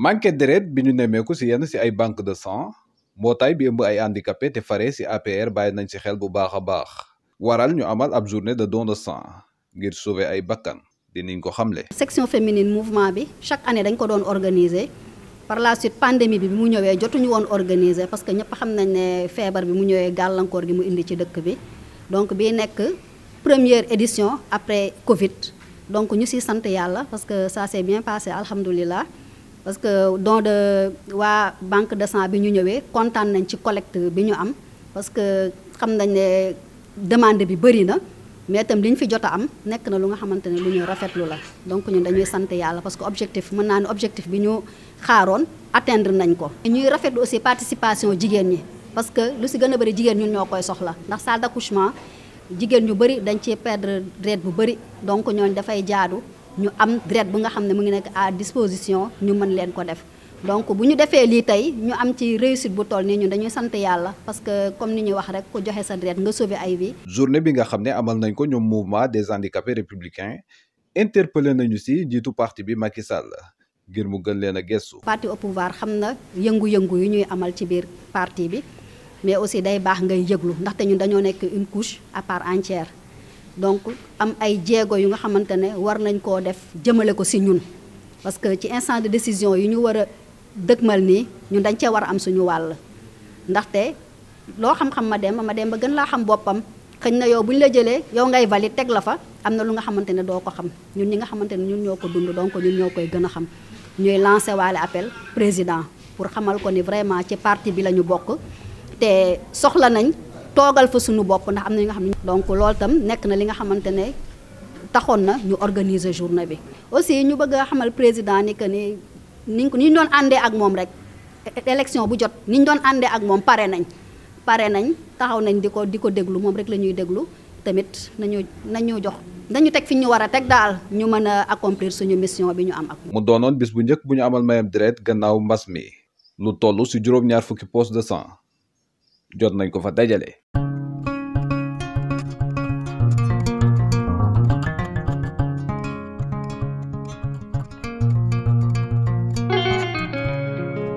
manque deret bi ñu nemmeeku si yenn si ay banque de sang mbootaay bi ëmb ay handicapé te fare si APR bàyyi nañ si xel bu baax a baax waral ñu amal ab journée de don de sang ngir sauver ay bakkan di dinañ ko xamle. section féminine mouvement bi chaque année dañ ko doon organiser par la suite pandémie bi bi mu ñëwee jotuñu woon organiser parce que ñëpp xam nañ ne feebar bi mu ñëwee gàllankoor gi mu indi ci dëkk bi donc bi nekk première édition après Covid donc ñu siy sant yàlla parce que ça s'est bien passé alhamdulilah. parce que don de waa banque de sang bi ñu ñëwee kontaan nañ ci collecte bi ñu am parce que xam nañ ne demande bi bëri na mais itam li ñu fi jot a am nekk na lu nga xamante ne lu ñu rafetlu la donc ñun dañuy sant yàlla parce que objectif mën naa ne objectif bi ñu xaaroon atteindre nañ ko. ñuy rafetlu aussi participation jigéen ñi parce que lu si gën a bëri jigéen ñun ñoo koy soxla ndax salle d'accouchement jigéen ñu bëri dañ ci perdre deret bu bëri donc ñooñu dafay jaadu. ñu am grade bu nga xam ne mu ngi nekk à disposition ñu mën leen ko def donc bu ñu defee lii tey ñu am ci réussite bu toll nii ñun dañuy sant yàlla parce que comme ni ñu wax rek ku joxe sa deret nga sauver ay vie journée bi nga xam ne amal nañ ko ñoom mouvement des handicapés républicains interpellé nañu si njiitu parti bi Macky Sall ngir mu gën leen a gëstu. parti au pouvoir xam na yëngu-yëngu yu ñuy amal ci biir parti bi mais aussi day baax ngay yëglu ndaxte ñun dañoo nekk une couche à part entière. donc am ay jéego yu nga xamante ne war nañ koo def jëmale ko si ñun parce que ci instant de décision yi ñu war a dëgmal nii ñun dañ cee war a am suñu wàll ndaxte loo xam-xam ma dem ma dem ba gën laa xam boppam xëñ na yow bu ñu la jëlee yow ngay valide teg la fa am na lu nga xamante ne doo ko xam ñun ñi nga xamante ne ñun ñoo ko dund donc ñun ñoo koy gën a xam ñuy lancé waale appel président pour xamal ko ni vraiment ci parti bi la ñu bokk te soxla nañ toogal fa suñu bopp ndax am na ñi nga xam ne. donc loolu tam nekk na li nga xamante ne taxoon na ñu organiser journée bi aussi ñu bëgg a xamal président ni que ni ni ñu doon àndee ak moom rek élection bu jot ni ñu doon àndee ak moom pare nañ pare nañ taxaw nañ di ko di ko déglu moom rek la ñuy déglu tamit nañu nañu jox. nañu teg fi ñu war a teg daal ñu mën a accomplir suñu mission bi ñu am ak. mu doonoon bis bu njëkk bu ñu amal mayam deret gannaaw mbas mi lu toll ci juróom-ñaar fukki poste de sang. jot nañ ko fa dajale.